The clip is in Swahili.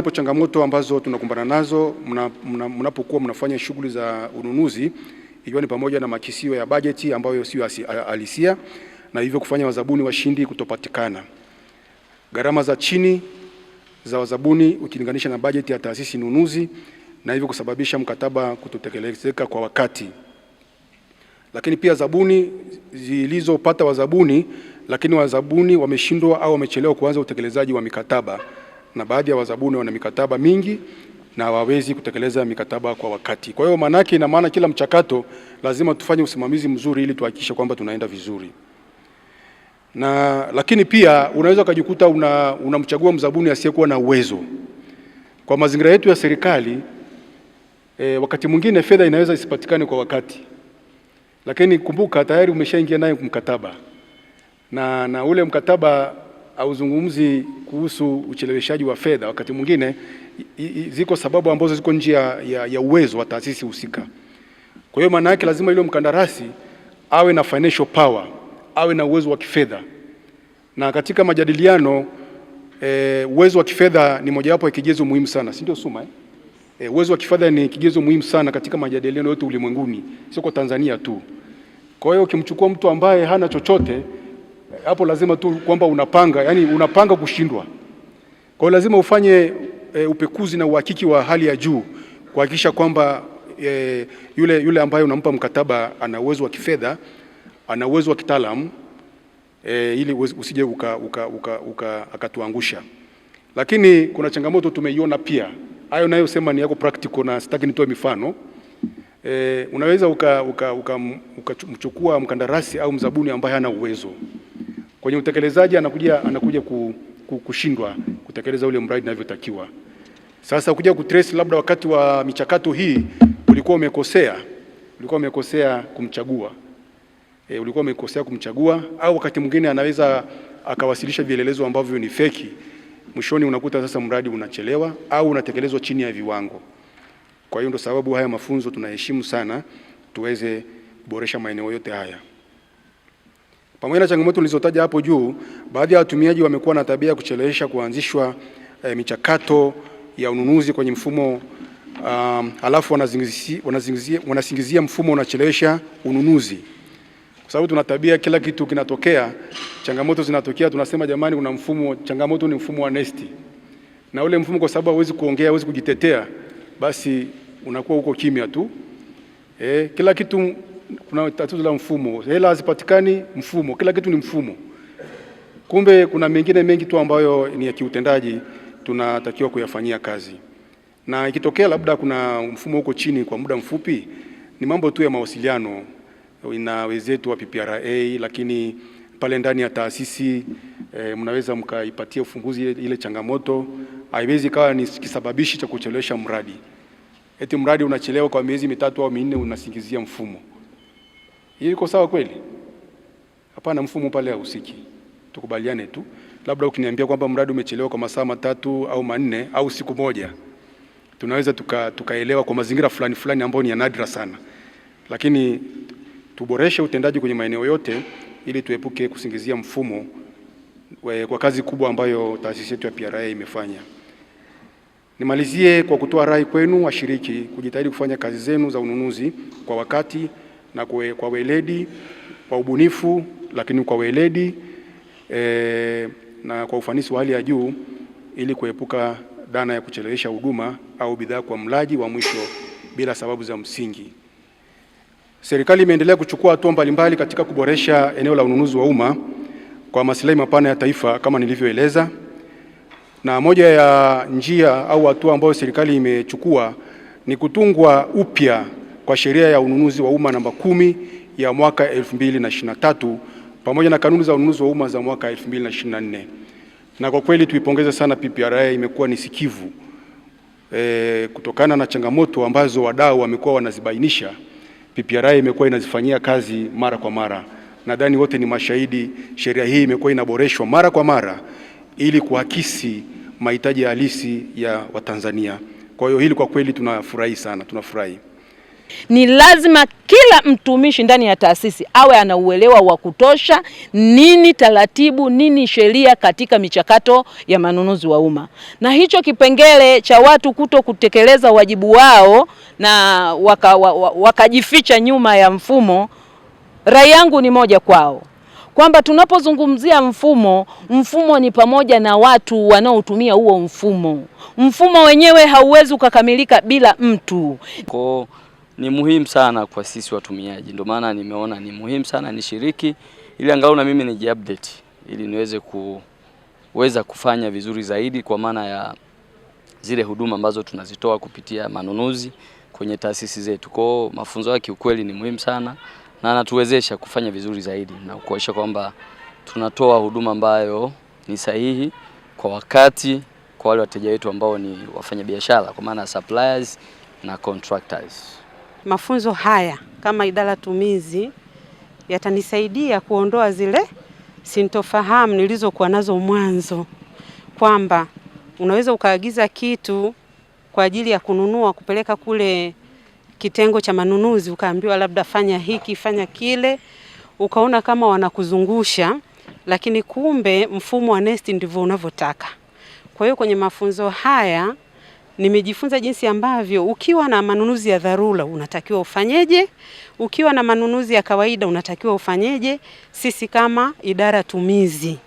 Zipo changamoto ambazo tunakumbana nazo mnapokuwa mna, mna mnafanya shughuli za ununuzi ikiwa ni pamoja na makisio ya bajeti ambayo siyo halisia na hivyo kufanya wazabuni washindi kutopatikana. Gharama za chini za wazabuni ukilinganisha na bajeti ya taasisi nunuzi na hivyo kusababisha mkataba kutotekelezeka kwa wakati. Lakini pia zabuni zilizopata wazabuni, lakini wazabuni wameshindwa au wamechelewa kuanza utekelezaji wa mikataba na baadhi ya wazabuni wana mikataba mingi na hawawezi kutekeleza mikataba kwa wakati. Kwa hiyo maanake, ina maana kila mchakato lazima tufanye usimamizi mzuri ili tuhakikishe kwamba tunaenda vizuri na lakini pia unaweza ukajikuta unamchagua una mzabuni asiyekuwa na uwezo. Kwa mazingira yetu ya serikali e, wakati mwingine fedha inaweza isipatikane kwa wakati, lakini kumbuka tayari umeshaingia naye mkataba na, na ule mkataba hauzungumzi kuhusu ucheleweshaji wa fedha. Wakati mwingine ziko sababu ambazo ziko nje ya, ya uwezo wa taasisi husika. Kwa hiyo maana yake lazima ile mkandarasi awe na financial power, awe na uwezo wa kifedha, na katika majadiliano e, uwezo wa kifedha ni mojawapo ya kigezo muhimu sana, si ndio Suma eh? E, uwezo wa kifedha ni kigezo muhimu sana katika majadiliano yote ulimwenguni, sio kwa Tanzania tu. Kwa hiyo ukimchukua mtu ambaye hana chochote hapo lazima tu kwamba unapanga, yani unapanga kushindwa. Kwa hiyo lazima ufanye e, upekuzi na uhakiki wa hali ya juu kuhakikisha kwamba e, yule, yule ambaye unampa mkataba ana uwezo wa kifedha, ana uwezo wa kitaalamu e, ili usije uka, uka, uka, uka, akatuangusha. Lakini kuna changamoto tumeiona pia, hayo nayosema ni yako practical na sitaki nitoe mifano e, unaweza ukamchukua uka, uka, uka mkandarasi au mzabuni ambaye hana uwezo kwenye utekelezaji anakuja, anakuja ku, ku, kushindwa kutekeleza ule mradi inavyotakiwa. Sasa kuja kutrace labda wakati wa michakato hii ulikuwa umekosea, ulikuwa umekosea kumchagua e, ulikuwa umekosea kumchagua, au wakati mwingine anaweza akawasilisha vielelezo ambavyo ni feki. Mwishoni unakuta sasa mradi unachelewa au unatekelezwa chini ya viwango. Kwa hiyo ndo sababu haya mafunzo tunaheshimu sana, tuweze kuboresha maeneo yote haya. Pamoja na changamoto nilizotaja hapo juu, baadhi ya watumiaji wamekuwa na tabia ya kuchelewesha kuanzishwa e, michakato ya ununuzi kwenye mfumo um, alafu wanasingizia, wanasingizia mfumo unachelewesha ununuzi, kwa sababu tuna tabia, kila kitu kinatokea, changamoto zinatokea, tunasema jamani, kuna mfumo, changamoto ni mfumo wa nesti, na ule mfumo kwa sababu hauwezi kuongea, hauwezi kujitetea, basi unakuwa huko kimya tu e, kila kitu kuna tatizo la mfumo, hela hazipatikani, mfumo, kila kitu ni mfumo. Kumbe kuna mengine mengi tu ambayo ni ya kiutendaji tunatakiwa kuyafanyia kazi, na ikitokea labda kuna mfumo huko chini kwa muda mfupi, ni mambo tu ya mawasiliano na wenzetu wa PPRA, lakini pale ndani ya taasisi e, mnaweza mkaipatia ufunguzi ile changamoto. Haiwezi kawa ni kisababishi cha kuchelewesha mradi, eti mradi unachelewa kwa miezi mitatu au minne, unasingizia mfumo. Hiyo iko sawa kweli? Hapana, mfumo pale hausiki. Tukubaliane tu, labda ukiniambia kwamba mradi umechelewa kwa masaa matatu au manne au siku moja, tunaweza tuka, tukaelewa kwa mazingira fulani fulani ambayo ni nadra sana, lakini tuboreshe utendaji kwenye maeneo yote ili tuepuke kusingizia mfumo we, eh, kwa kazi kubwa ambayo taasisi yetu ya PRA imefanya. Nimalizie kwa kutoa rai kwenu washiriki kujitahidi kufanya kazi zenu za ununuzi kwa wakati na kwe, kwa weledi kwa ubunifu lakini kwa weledi e, na kwa ufanisi wa hali ya juu ili kuepuka dhana ya kuchelewesha huduma au bidhaa kwa mlaji wa mwisho bila sababu za msingi. Serikali imeendelea kuchukua hatua mbalimbali katika kuboresha eneo la ununuzi wa umma kwa maslahi mapana ya taifa kama nilivyoeleza, na moja ya njia au hatua ambayo serikali imechukua ni kutungwa upya kwa sheria ya ununuzi wa umma namba kumi ya mwaka 2023 pamoja na kanuni za ununuzi wa umma za mwaka 2024. Na kwa kweli tuipongeze sana PPRA, imekuwa ni sikivu e, kutokana na changamoto ambazo wadau wamekuwa wanazibainisha, PPRA imekuwa inazifanyia kazi mara kwa mara. Nadhani wote ni mashahidi, sheria hii imekuwa inaboreshwa mara kwa mara ili kuhakisi mahitaji halisi ya Watanzania. Kwa hiyo hili kwa kweli tunafurahi sana, tunafurahi. Ni lazima kila mtumishi ndani ya taasisi awe ana uelewa wa kutosha nini taratibu, nini sheria katika michakato ya manunuzi wa umma. Na hicho kipengele cha watu kuto kutekeleza wajibu wao na waka, wakajificha nyuma ya mfumo, rai yangu ni moja kwao kwamba tunapozungumzia mfumo, mfumo ni pamoja na watu wanaotumia huo mfumo. Mfumo wenyewe hauwezi ukakamilika bila mtu. Kwa ni muhimu sana kwa sisi watumiaji, ndio maana nimeona ni muhimu sana nishiriki ili angalau na mimi update, ili niweze kuweza kufanya vizuri zaidi kwa maana ya zile huduma ambazo tunazitoa kupitia manunuzi kwenye taasisi zetu. Kwao mafunzo yake ukweli ni muhimu sana na anatuwezesha kufanya vizuri zaidi na kuhakikisha kwamba tunatoa huduma ambayo ni sahihi kwa wakati kwa wale wateja wetu ambao ni wafanyabiashara kwa maana suppliers na contractors mafunzo haya kama idara tumizi yatanisaidia kuondoa zile sintofahamu nilizokuwa nazo mwanzo, kwamba unaweza ukaagiza kitu kwa ajili ya kununua kupeleka kule kitengo cha manunuzi, ukaambiwa labda fanya hiki, fanya kile, ukaona kama wanakuzungusha, lakini kumbe mfumo wa NeST ndivyo unavyotaka. Kwa hiyo kwenye mafunzo haya nimejifunza jinsi ambavyo ukiwa na manunuzi ya dharura unatakiwa ufanyeje, ukiwa na manunuzi ya kawaida unatakiwa ufanyeje. Sisi kama idara tumizi